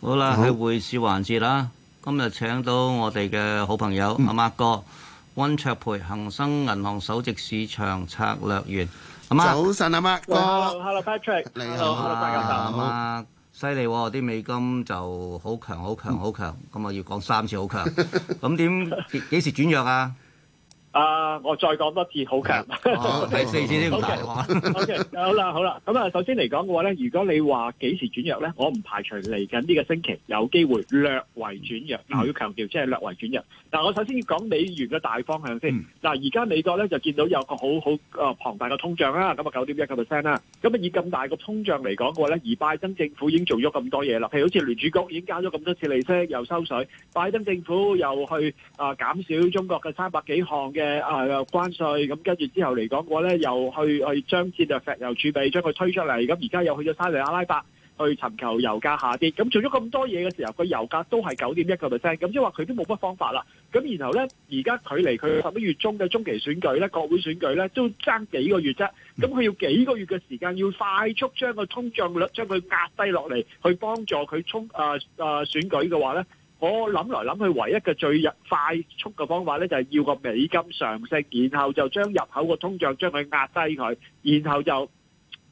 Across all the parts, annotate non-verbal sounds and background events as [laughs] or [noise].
好啦，喺匯市環節啦。今日請到我哋嘅好朋友、嗯、阿麥哥，温灼培，恒生銀行首席市場策略員。早晨，阿麥哥。Oh, hello, hello Patrick，你好。Hello 大家好。阿麥、哦，犀利喎，啲美金就好強，好強，好、嗯、強。咁啊，要講三次好強。咁點幾時轉弱啊？Uh, 啊！我再講多次 okay, okay, [laughs] 好，好強，第四千點嘅大好啦，好啦，咁啊，首先嚟講嘅話咧，如果你話幾時轉弱咧，我唔排除嚟緊呢個星期有機會略為轉弱、嗯。我要強調，即、就、係、是、略為轉弱。嗱、啊，我首先要講美元嘅大方向先。嗱、嗯，而、啊、家美國咧就見到有個好好啊龐大嘅通脹啦，咁啊九點一個 percent 啦。咁啊、呃、以咁大個通脹嚟講嘅話咧，而拜登政府已經做咗咁多嘢啦，譬如好似聯儲局已經加咗咁多次利息，又收水；拜登政府又去啊減、呃、少中國嘅三百幾項嘅。誒啊，啊關稅，咁跟住之後嚟講，我咧又去去將戰略石油儲備將佢推出嚟，咁而家又去咗沙特阿拉伯去尋求油價下跌，咁、嗯、做咗咁多嘢嘅時候，個油價都係九點一個 percent，咁即係話佢都冇乜方法啦。咁、嗯、然後咧，而家距離佢十一月中嘅中期選舉咧，國會選舉咧，都爭幾個月啫。咁、嗯、佢要幾個月嘅時間，要快速將個通脹率將佢壓低落嚟，去幫助佢沖啊、呃呃、選舉嘅話咧。我諗來諗去，唯一嘅最快速嘅方法呢，就係要個美金上升，然後就將入口個通脹將佢壓低佢，然後就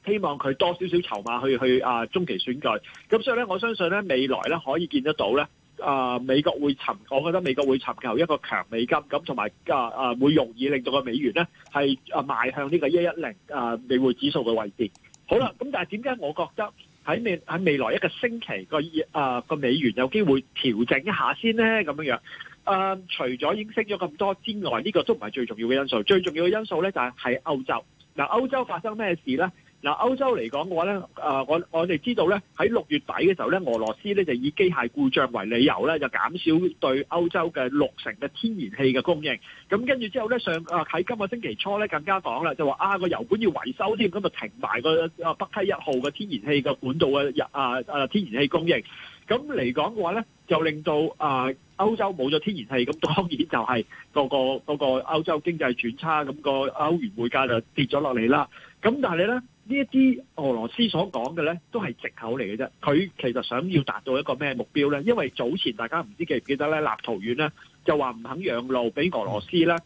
希望佢多少少籌碼去去啊中期選舉。咁所以呢，我相信呢，未來呢可以見得到呢，啊，美國會尋，我覺得美國會尋求一個強美金，咁同埋啊會容易令到個美元呢係啊邁向呢個一一零啊美匯指數嘅位置。好啦，咁但係點解我覺得？喺未喺未來一個星期個誒個美元有機會調整一下先咧？咁樣樣誒、呃，除咗已經升咗咁多之外，呢個都唔係最重要嘅因素。最重要嘅因素咧就係喺歐洲。嗱、呃，歐洲發生咩事咧？嗱，歐洲嚟講嘅話咧，啊，我我哋知道咧，喺六月底嘅時候咧，俄羅斯咧就以機械故障為理由咧，就減少對歐洲嘅六成嘅天然氣嘅供應。咁跟住之後咧，上啊喺今個星期初咧，更加講啦，就話啊個油管要維修添，咁就停埋個北溪一號嘅天然氣嘅管道嘅啊天然氣供應。咁嚟講嘅話咧，就令到啊歐洲冇咗天然氣，咁當然就係嗰、嗰個、嗰個歐洲經濟轉差，咁個歐元匯價就跌咗落嚟啦。咁但係你咧呢一啲俄羅斯所講嘅咧，都係藉口嚟嘅啫。佢其實想要達到一個咩目標咧？因為早前大家唔知記唔記得咧，立陶宛咧就話唔肯讓路俾俄羅斯咧，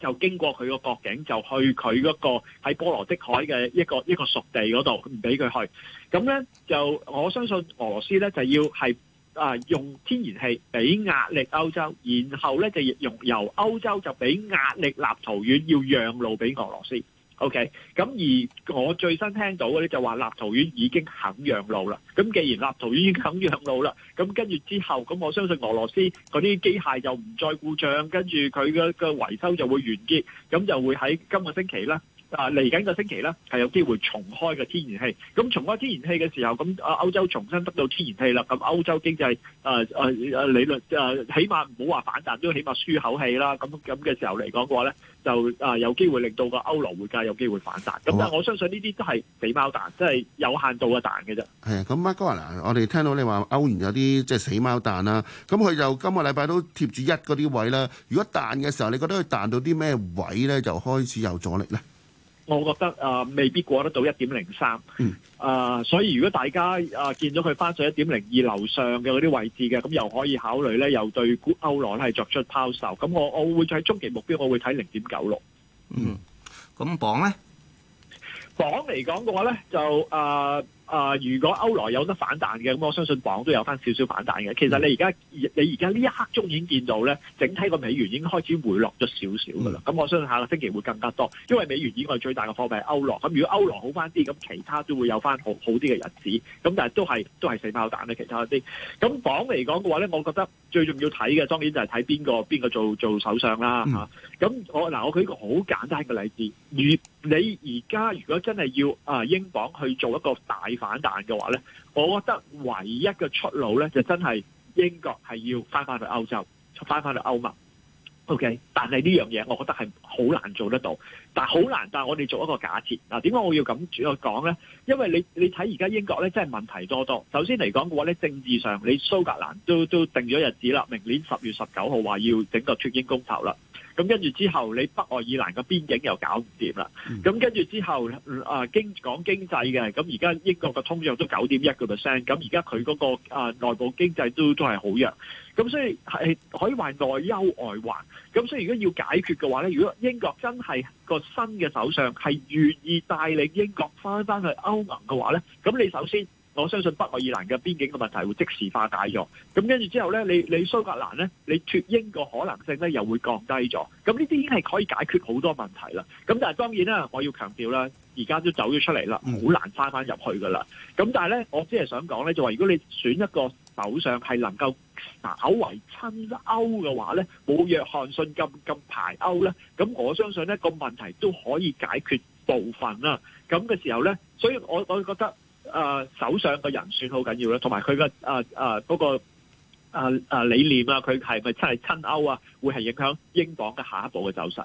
就經過佢個國境就去佢嗰個喺波羅的海嘅一個一個屬地嗰度，唔俾佢去。咁咧就我相信俄羅斯咧就要係啊用天然氣俾壓力歐洲，然後咧就用由歐洲就俾壓力立陶宛要讓路俾俄羅斯。O.K.，咁而我最新聽到嘅咧就話立陶宛已經肯讓路啦。咁既然立陶宛已經肯讓路啦，咁跟住之後，咁我相信俄羅斯嗰啲機械又唔再故障，跟住佢嘅維修就會完結，咁就會喺今個星期啦。啊！嚟緊個星期咧，係有機會重開個天然氣。咁重開天然氣嘅時候，咁啊歐洲重新得到天然氣啦。咁歐洲經濟啊啊啊理論啊，起碼唔好話反彈，都起碼舒口氣啦。咁咁嘅時候嚟講嘅話咧，就啊有機會令到個歐羅匯價有機會反彈。咁啊，、就是、啊，啊，我相信呢啲都係死貓彈，即係有限度嘅彈嘅啫。係啊，咁阿哥嗱，我哋聽到你話歐元有啲即係死貓彈啦、啊。咁佢就今個禮拜都貼住一嗰啲位啦。如果彈嘅時候，你覺得佢彈到啲咩位咧，就開始有阻力咧？我覺得啊，未必過得到一點零三，啊，所以如果大家啊見到佢翻上一點零二樓上嘅嗰啲位置嘅，咁又可以考慮咧，又對歐羅咧係作出拋售。咁我我會睇中期目標，我會睇零點九六。嗯，咁磅咧，磅嚟講嘅話咧，就啊。啊、呃！如果歐羅有得反彈嘅，咁我相信鎊都有翻少少反彈嘅。其實你而家你而家呢一刻，已經見到咧，整體個美元已經開始回落咗少少噶啦。咁、嗯、我相信下個星期會更加多，因為美元以外最大嘅貨幣係歐羅。咁如果歐羅好翻啲，咁其他都會有翻好好啲嘅日子。咁但係都係都係細包彈啦，其他啲。咁鎊嚟講嘅話咧，我覺得最重要睇嘅當然就係睇邊個邊個做做首相啦，咁、嗯、我嗱，我舉一個好簡單嘅例子。如你而家如果真係要啊、呃、英鎊去做一個大反彈嘅話呢，我覺得唯一嘅出路呢，就真係英國係要翻翻去歐洲，翻翻去歐盟。OK，但係呢樣嘢，我覺得係好難做得到，但係好難。但係我哋做一個假設嗱，點解我要咁樣講呢？因為你你睇而家英國呢，真係問題多多。首先嚟講嘅話呢，政治上你蘇格蘭都都定咗日子啦，明年十月十九號話要整個出英公投啦。咁跟住之後，你北愛爾蘭個邊境又搞唔掂啦。咁跟住之後，嗯、啊經講經濟嘅，咁而家英國嘅通脹都九點一個 percent。咁而家佢嗰個啊內部經濟都都係好弱。咁所以係可以話內憂外患。咁所以如果要解決嘅話咧，如果英國真係個新嘅首相係願意帶領英國翻返去歐盟嘅話咧，咁你首先。我相信北愛爾蘭嘅邊境嘅問題會即時化解咗，咁跟住之後咧，你你蘇格蘭咧，你脱英嘅可能性咧又會降低咗，咁呢啲已經係可以解決好多問題啦。咁但係當然啦，我要強調啦，而家都走咗出嚟啦，好難翻翻入去噶啦。咁但係咧，我只係想講咧，就話如果你選一個首相係能夠稍為親歐嘅話咧，冇約翰遜咁咁排歐咧，咁我相信咧個問題都可以解決部分啦。咁嘅時候咧，所以我我覺得。手上的的啊，首相嘅人選好緊要啦，同埋佢嘅啊啊嗰個啊啊理念啊，佢係咪真係親歐啊，會係影響英鎊嘅下一步嘅走勢？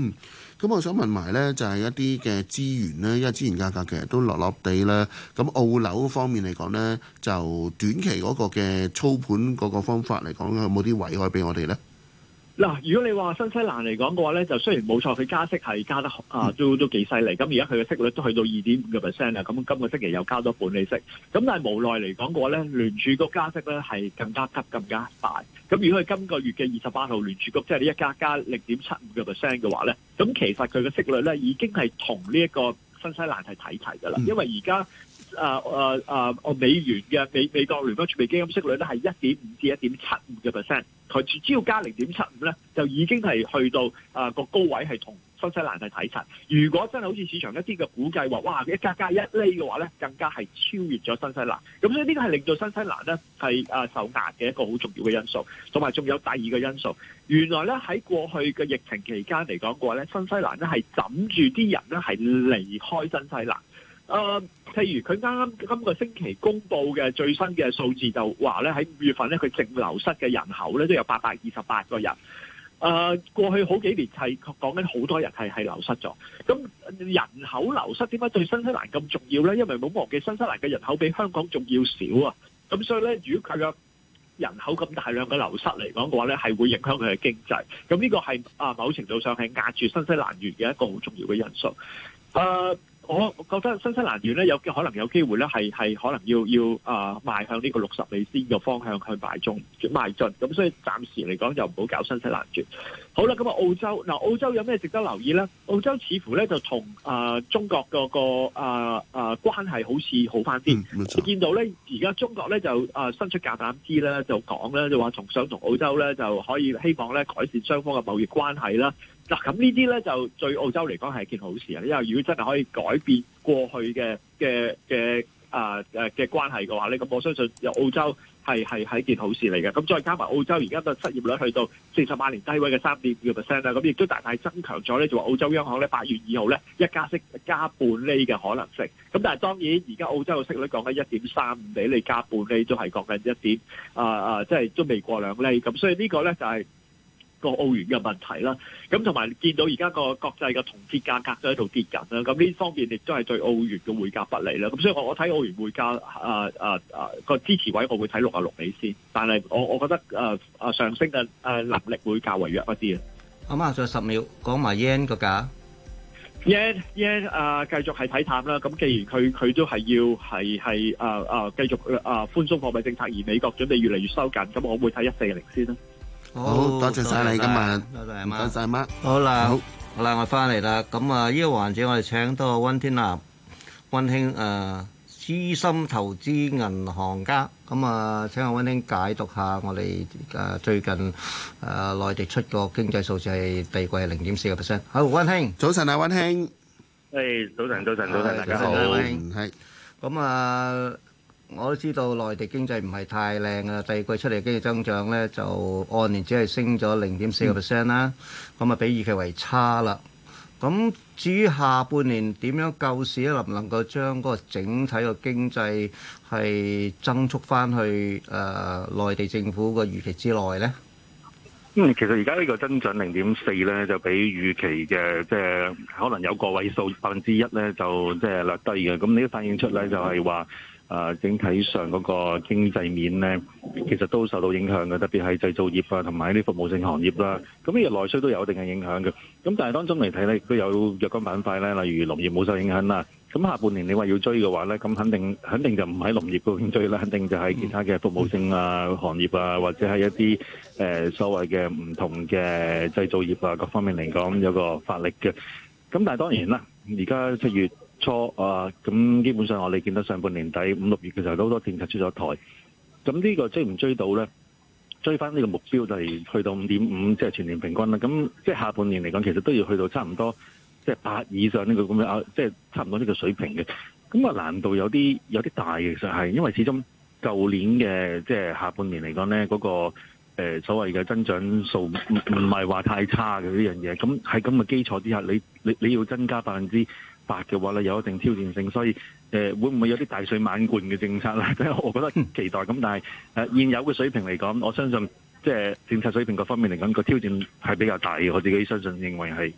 嗯，咁我想問埋咧，就係一啲嘅資源咧，因為資源價格其實都落落地啦。咁澳樓方面嚟講咧，就短期嗰個嘅操盤嗰個方法嚟講，有冇啲危害俾我哋咧？嗱，如果你話新西蘭嚟講嘅話咧，就雖然冇錯，佢加息係加得啊，都都幾犀利。咁而家佢嘅息率都去到二點五嘅 percent 啦。咁今個星期又加多半利息。咁但係無奈嚟講嘅話咧，聯儲局加息咧係更加急、更加快。咁如果佢今個月嘅二十八號聯儲局即係一加加零點七五嘅 percent 嘅話咧，咁其實佢嘅息率咧已經係同呢一個新西蘭係睇齊㗎啦。因為而家啊啊啊，美元嘅美美國聯邦儲備基金息率咧係一點五至一點七五嘅 percent。佢只要加零點七五咧，就已經係去到啊、呃，嗰個高位，係同新西蘭係睇齊。如果真係好似市場一啲嘅估計話，哇，一加加一呢嘅話咧，更加係超越咗新西蘭。咁所以呢個係令到新西蘭咧係、呃、受壓嘅一個好重要嘅因素。同埋仲有第二個因素，原來咧喺過去嘅疫情期間嚟講過咧，新西蘭咧係枕住啲人咧係離開新西蘭。誒、呃，譬如佢啱啱今個星期公布嘅最新嘅數字就呢，就話咧喺五月份咧，佢淨流失嘅人口咧都有八百二十八個人。誒、呃，過去好幾年係講緊好多人係係流失咗。咁人口流失點解對新西蘭咁重要咧？因為冇忘記新西蘭嘅人口比香港仲要少啊。咁所以咧，如果佢嘅人口咁大量嘅流失嚟講嘅話咧，係會影響佢嘅經濟。咁呢個係啊某程度上係壓住新西蘭元嘅一個好重要嘅因素。誒、呃。我覺得新西蘭元咧有可能有機會咧，係係可能要要啊，邁向呢個六十美仙嘅方向去擺中邁進。咁所以暫時嚟講就唔好搞新西蘭元。好啦，咁啊澳洲嗱澳洲有咩值得留意咧？澳洲似乎咧就同啊中國個個啊啊關係好似好返啲。見到咧而家中國咧就啊伸出橄欖枝咧就講咧就話想同澳洲咧就可以希望咧改善雙方嘅貿易關係啦。嗱咁呢啲咧就對澳洲嚟講係件好事啊！因為如果真係可以改變過去嘅嘅嘅啊誒嘅關係嘅話咧，咁我相信由澳洲係係係一件好事嚟嘅。咁再加埋澳洲而家個失業率去到四十萬年低位嘅三點五個 percent 啦，咁亦都大大增強咗咧。就話澳洲央行咧八月二號咧一加息一加半厘嘅可能性。咁但係當然而家澳洲嘅息率講緊一點三五，俾你加半厘都係講緊一點啊啊，即、呃、係、就是、都未過兩厘。咁所以個呢個咧就係、是。個澳元嘅問題啦，咁同埋見到而家個國際嘅銅鐵價格都喺度跌緊啦，咁呢方面亦都係對澳元嘅匯價不利啦。咁所以我我睇澳元匯價啊啊啊個支持位我會睇六啊六美先，但係我我覺得啊、呃、上升嘅誒能力會較為弱一啲啊。好、嗯、仲、嗯、有十秒，講埋 Yen 嘅價。Yen Yen 啊，繼續係睇淡啦。咁既然佢佢都係要係係啊啊繼續啊寬鬆貨幣政策，而美國準備越嚟越收緊，咁我會睇一四零先啦。好，多謝晒你今日。多謝阿媽，好啦，好啦，我翻嚟啦。咁啊，呢個環節我哋請到溫天納、溫兄，誒，資深投資銀行家。咁啊，請阿溫兄解讀下我哋誒最近誒內地出個經濟數字係第二季係零點四個 percent。好，溫兄，早晨啊，溫兄。誒，早晨，早晨，早晨，大家好。係咁啊。我都知道內地經濟唔係太靚啊，第二季出嚟經濟增長咧就按年只係升咗零點四個 percent 啦，咁啊比預期為差啦。咁至於下半年點樣救市咧，能唔能夠將嗰個整體嘅經濟係增速翻去誒內地政府個預期之內咧？嗯，其實而家呢個增長零點四咧，就比預期嘅即係可能有個位數百分之一咧，就即係略低嘅。咁你都反映出嚟就係話。啊，整體上嗰個經濟面咧，其實都受到影響嘅，特別係製造業啊，同埋啲服務性行業啦、啊。咁呢個內需都有一定嘅影響嘅。咁但係當中嚟睇咧，都有若干板塊咧，例如農業冇受影響啦。咁下半年你話要追嘅話咧，咁肯定肯定就唔喺農業嗰邊追啦，肯定就喺其他嘅服務性啊、行業啊，或者係一啲誒、呃、所謂嘅唔同嘅製造業啊各方面嚟講有個發力嘅。咁但係當然啦，而家七月初啊，咁基本上我哋見到上半年底五六月其實都好多政策出咗台，咁呢個追唔追到呢？追翻呢個目標就係去到五點五，即係全年平均啦。咁即係下半年嚟講，其實都要去到差唔多即係八以上呢、這個咁樣，即、就、係、是、差唔多呢個水平嘅。咁啊，難度有啲有啲大嘅，其實係因為始終舊年嘅即係下半年嚟講呢，嗰、那個、呃、所謂嘅增長數唔係話太差嘅呢樣嘢。咁喺咁嘅基礎之下，你你你要增加百分之。白嘅話咧有一定挑戰性，所以誒、呃、會唔會有啲大水漫灌嘅政策咧？ [laughs] 我覺得期待咁，但係誒、呃、現有嘅水平嚟講，我相信即係政策水平各方面嚟講，個挑戰係比較大嘅。我自己相信認為係。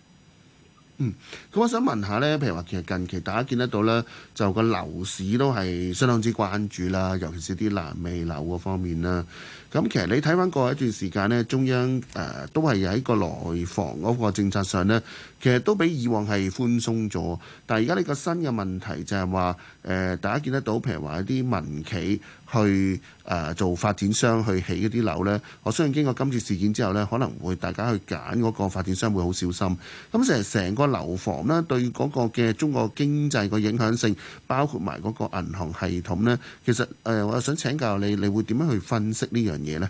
嗯，咁我想問下咧，譬如話其實近期大家見得到咧，就個樓市都係相當之關注啦，尤其是啲爛尾樓嗰方面啦。咁其實你睇翻過去一段時間咧，中央誒都係喺個內房嗰個政策上咧，其實都比以往係寬鬆咗。但係而家呢個新嘅問題就係話誒，大家見得到譬如話一啲民企去誒做發展商去起嗰啲樓咧，我相信經過今次事件之後咧，可能會大家去揀嗰個發展商會好小心。咁成成個樓房咧對嗰個嘅中國經濟個影響性，包括埋嗰個銀行系統咧，其實誒，我係想請教你，你會點樣去分析呢樣嘢咧？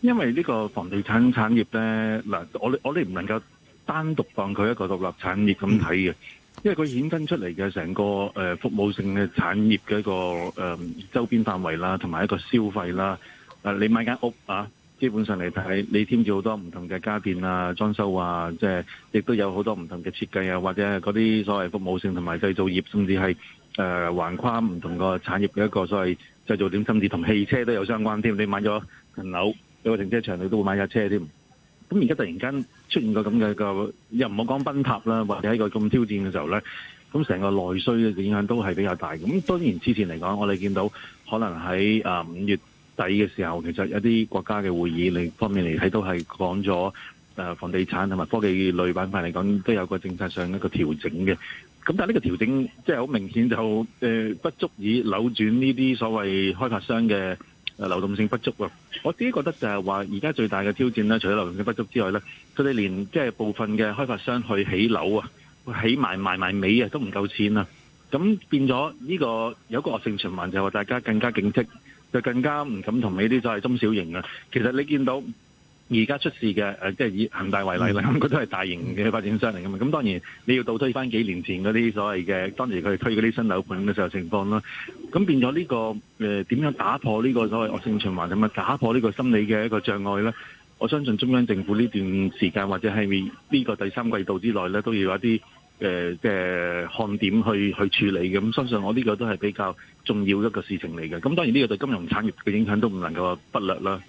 因為呢個房地產產業咧，嗱，我我哋唔能夠單獨放佢一個獨立產業咁睇嘅，因為佢衍生出嚟嘅成個誒服務性嘅產業嘅一個誒周邊範圍啦，同埋一個消費啦。誒，你買間屋啊。基本上嚟睇，你添置好多唔同嘅家電啊、裝修啊，即係亦都有好多唔同嘅設計啊，或者嗰啲所謂服務性同埋製造業，甚至係誒、呃、橫跨唔同個產業嘅一個所謂製造點，甚至同汽車都有相關添、啊。你買咗層樓，有個停車場，你都會買架車添、啊。咁而家突然間出現個咁嘅個又唔好講崩塌啦，或者喺個咁挑戰嘅時候呢，咁成個內需嘅影響都係比較大。咁當然之前嚟講，我哋見到可能喺五月底嘅時候，其實有啲國家嘅會議，另方面嚟睇都係講咗誒房地產同埋科技類板塊嚟講，都有個政策上一個調整嘅。咁但係呢個調整即係好明顯就誒不足以扭轉呢啲所謂開發商嘅流動性不足啊。我自己覺得就係話，而家最大嘅挑戰咧，除咗流動性不足之外咧，佢哋連即係部分嘅開發商去起樓啊，起埋埋埋尾啊都唔夠錢啊，咁變咗呢、呢個有一個惡性循環，就係話大家更加警惕。就更加唔敢同呢啲就係中小型啦。其實你見到而家出事嘅誒即係以恒大為例啦，咁佢都係大型嘅發展商嚟嘅嘛。咁當然你要倒推返幾年前嗰啲所謂嘅，當時佢推嗰啲新樓盤嘅時候情況啦。咁變咗呢個誒點樣打破呢個所謂惡性循環咁樣。打破呢個心理嘅一個障礙咧，我相信中央政府呢段時間或者係呢個第三季度之內咧，都要有一啲誒嘅看點去去處理嘅。咁相信我呢個都係比較重要一個事情嚟嘅，咁當然呢個對金融產業嘅影響都唔能夠忽略啦。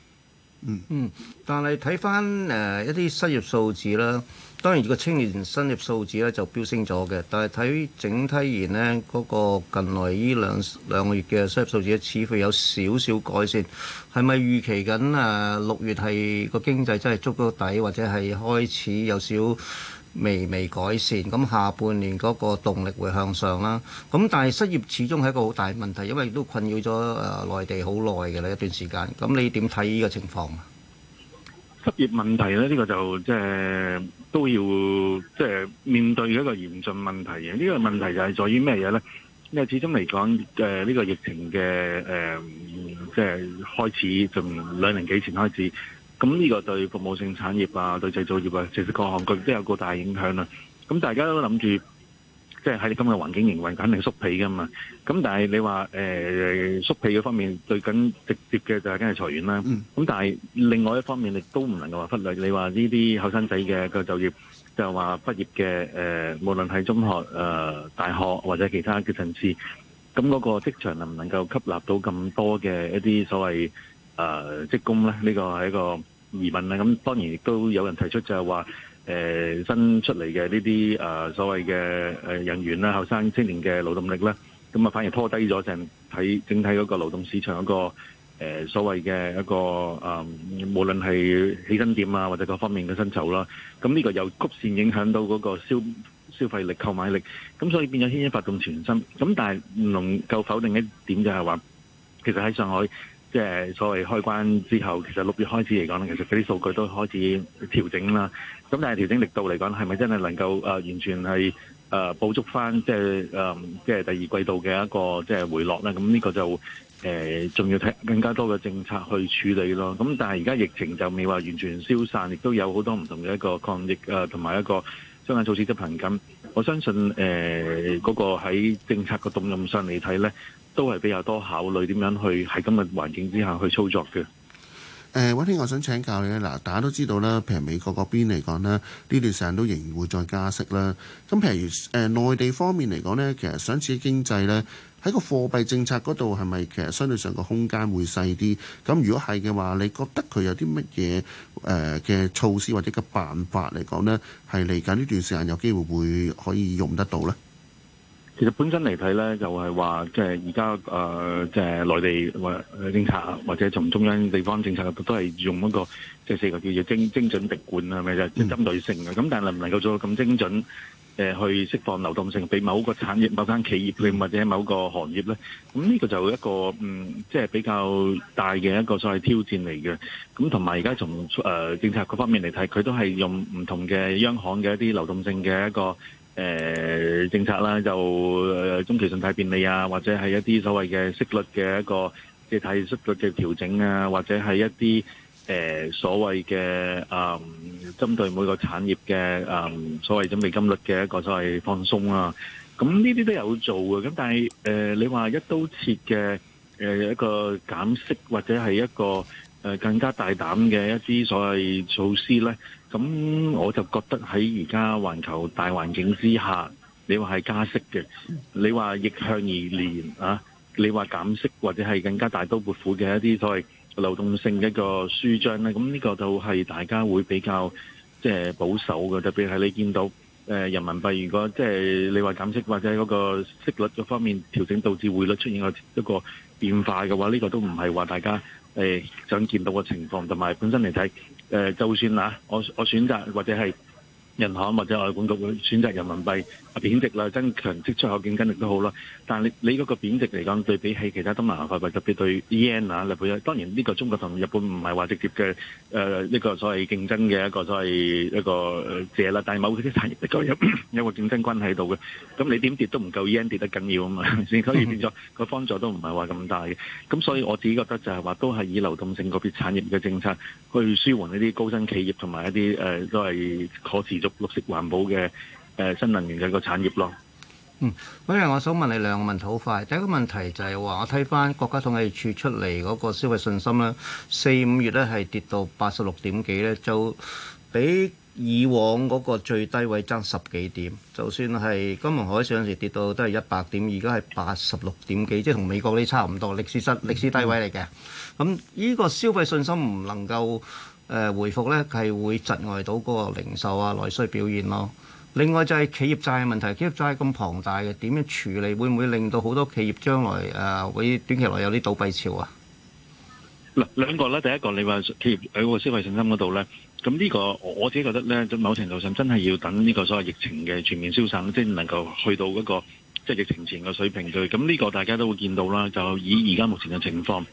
嗯嗯，但係睇翻誒一啲失業數字啦，當然個青年失業數字咧就飆升咗嘅，但係睇整體而言咧，嗰、嗰個近來呢兩兩個月嘅失業數字似乎有少少改善，係咪預期緊啊六月係、嗰個經濟真係捉到底，或者係開始有少微微改善，咁下半年嗰個動力會向上啦。咁但係失業始終係一個好大問題，因為都困擾咗誒內地好耐嘅啦，一段時間。咁你點睇呢個情況啊？失業問題咧，呢個就即係都要即係面對一個嚴峻問題嘅。呢個問題就係在於咩嘢咧？因為始終嚟講，誒呢個疫情嘅誒即係開始，從兩年幾前開始。咁呢個對服務性產業啊，對製造業啊，其實各行各業都有個大影響啦。咁大家都諗住，即係喺今日環境營運，肯定縮皮噶嘛。咁但係你話誒縮皮嗰方面，最緊直接嘅就係梗係裁員啦。咁但係另外一方面，亦都唔能夠話忽略，你話呢啲後生仔嘅個就業，就話畢業嘅誒、呃，無論係中學、誒、呃、大學或者其他嘅層次，咁嗰個職場能唔能夠吸納到咁多嘅一啲所謂？誒、呃、職工咧，呢、這個係一個疑問啦。咁當然亦都有人提出就係話，誒、呃、新出嚟嘅呢啲誒所謂嘅人員啦、後生青年嘅勞動力啦，咁啊反而拖低咗成睇整體嗰個勞動市場嗰個所謂嘅一個誒、呃呃，無論係起薪點啊或者各方面嘅薪酬啦。咁、這、呢個有曲線影響到嗰個消消費力、購買力。咁所以變咗牽一髮動全身。咁但係唔能夠否定一點就係話，其實喺上海。即、就、係、是、所謂開關之後，其實六月開始嚟講咧，其實嗰啲數據都開始調整啦。咁但係調整力度嚟講，係咪真係能夠誒完全係誒捕捉返？即係誒即係第二季度嘅一個即係回落咧？咁呢個就誒仲、呃、要睇更加多嘅政策去處理咯。咁但係而家疫情就未話完全消散，亦都有好多唔同嘅一個抗疫誒同埋一個相關措施執行咁，我相信誒嗰、呃，那個喺政策嘅動用上嚟睇咧。都係比較多考慮點樣去喺今日環境之下去操作嘅。誒，天納，我想請教你咧。嗱，大家都知道啦，譬如美國嗰邊嚟講咧，呢段時間都仍然會再加息啦。咁譬如誒內地方面嚟講咧，其實想刺激經濟咧，喺個貨幣政策嗰度係咪其實相對上個空間會細啲？咁如果係嘅話，你覺得佢有啲乜嘢誒嘅措施或者嘅辦法嚟講咧，係嚟緊呢段時間有機會會可以用得到咧？其實本身嚟睇咧，就係話即係而家誒，即係內地或政策啊，或者從中央地方政策入邊都係用一個即係四個字叫精精準滴灌啊，係咪就係針對性嘅？咁但係能唔能夠做到咁精準誒去釋放流動性俾某個產業、某間企業、或者某個行業咧？咁呢個就一個嗯，即係比較大嘅一個所謂挑戰嚟嘅。咁同埋而家從誒政策各方面嚟睇，佢都係用唔同嘅央行嘅一啲流動性嘅一個。誒政策啦，就中期信貸便利啊，或者係一啲所謂嘅息率嘅一個即係睇息率嘅調整啊，或者係一啲誒所謂嘅誒針對每個產業嘅誒所謂準備金率嘅一個所謂放鬆啊。咁呢啲都有做嘅，咁但係誒你話一刀切嘅誒一個減息或者係一個。誒更加大膽嘅一啲所謂措施呢，咁我就覺得喺而家環球大環境之下，你話係加息嘅，你話逆向而年啊，你話減息或者係更加大刀闊斧嘅一啲所謂流動性一個舒張呢，咁呢個就係大家會比較即係保守嘅，特別係你見到誒人民幣如果即係你話減息或者嗰個息率嗰方面調整導致匯率出現一個變化嘅話，呢個都唔係話大家。誒想見到嘅情況，同埋本身嚟睇，誒就算啦，我我選擇或者係。銀行或者外管局會選擇人民幣貶值啦，增強即出口競爭力都好啦。但係你你嗰個貶值嚟講，對比起其他東南亞貨幣，特別對 Yen 啊，例如當然呢個中國同日本唔係話直接嘅誒呢個所謂競爭嘅一個所謂一個借啦。但係某啲產業都有 [laughs] [coughs] 有個競爭關係喺度嘅，咁你點跌都唔夠 Yen 跌得緊要啊嘛，先可以變咗個幫助都唔係話咁大嘅。咁所以我自己覺得就係話都係以流動性嗰邊產業嘅政策去舒緩一啲高新企業同埋一啲誒、呃、都係可持。做綠色環保嘅誒、呃、新能源嘅一個產業咯。嗯，咁啊，我想問你兩個問題，好快。第一個問題就係、是、話，我睇翻國家統計處出嚟嗰個消費信心咧，四五月咧係跌到八十六點幾咧，就比以往嗰個最低位爭十幾點。就算係金融海嘯嗰陣時跌到都係一百點，而家係八十六點幾，即係同美國嗰啲差唔多，歷史失歷史低位嚟嘅。咁、嗯、呢個消費信心唔能夠。誒回復咧係會窒礙到嗰個零售啊內需表現咯。另外就係企業債嘅問題，企業債咁龐大嘅點樣處理，會唔會令到好多企業將來誒、啊、會短期內有啲倒閉潮啊？嗱兩個啦，第一個你話企業喺、個消費信心嗰度咧，咁呢個我自己覺得咧，就某程度上真係要等呢個所謂疫情嘅全面消散、那個，即係能夠去到嗰個即係疫情前嘅水平對。咁呢個大家都會見到啦。就以而家目前嘅情況。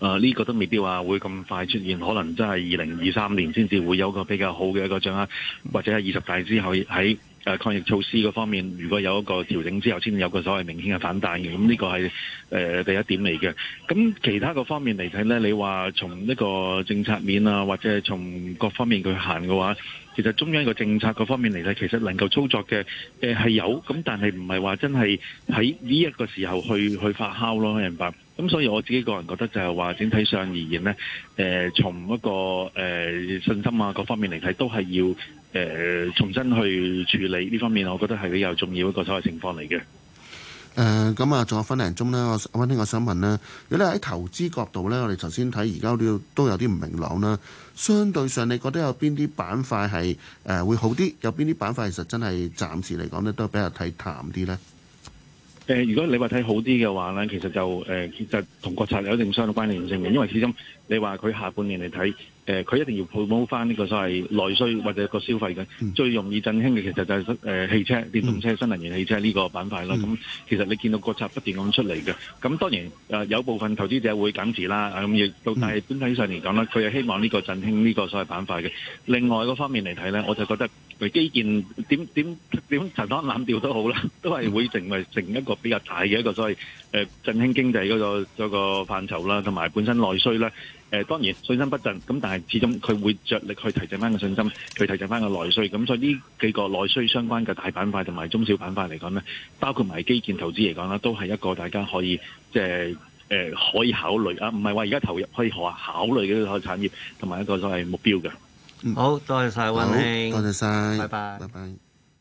誒、呃、呢、這個都未必話會咁快出現，可能真係二零二三年先至會有個比較好嘅一個掌握，或者係二十大之後喺、呃、抗疫措施嗰方面，如果有一個調整之後，先有個所謂明顯嘅反彈嘅，咁呢個係、呃、第一點嚟嘅。咁其他個方面嚟睇呢，你話從呢個政策面啊，或者係從各方面去行嘅話，其實中央個政策嗰方面嚟睇，其實能夠操作嘅係、呃、有，咁但係唔係話真係喺呢一個時候去去發酵咯，明白？咁所以我自己個人覺得就係話整體上而言呢，誒、呃、從一個誒、呃、信心啊各方面嚟睇，都係要誒重新去處理呢方面，我覺得係比較重要一個所謂情況嚟嘅。誒咁啊，仲有分零鐘咧，我温我想問咧，如果你喺投資角度呢，我哋頭先睇而家都有啲唔明朗啦。相對上，你覺得有邊啲板塊係誒、呃、會好啲？有邊啲板塊其實真係暫時嚟講呢，都比較睇淡啲呢？誒、呃，如果你話睇好啲嘅話咧，其實就誒、呃，其實同國策有一定相關聯性嘅，因為始終你話佢下半年嚟睇，誒、呃，佢一定要鋪鋪翻呢個所謂內需或者一個消費嘅、嗯，最容易振興嘅其實就係、是、誒、呃、汽車、電動車、新能源汽車呢個板塊啦。咁、嗯嗯嗯、其實你見到國策不斷咁出嚟嘅，咁當然誒有部分投資者會減持啦。咁、嗯、亦、嗯、到大體上嚟講呢佢係希望呢個振興呢個所謂板塊嘅。另外一個方面嚟睇咧，我就覺得。基建點點點陳腔濫調都好啦，都係會成為成一個比較大嘅一個所謂、呃、振興經濟嗰、那個嗰、那個範疇啦，同埋本身內需啦誒、呃、當然信心不振，咁但係始終佢會着力去提振翻個信心，去提振翻個內需，咁所以呢幾個內需相關嘅大板塊同埋中小板塊嚟講咧，包括埋基建投資嚟講啦，都係一個大家可以即係、就是呃、可以考慮啊，唔係話而家投入可以考慮嘅一個產業，同埋一個所謂目標嘅。嗯、好，多謝晒，溫馨，多謝晒，拜拜，拜拜。拜拜。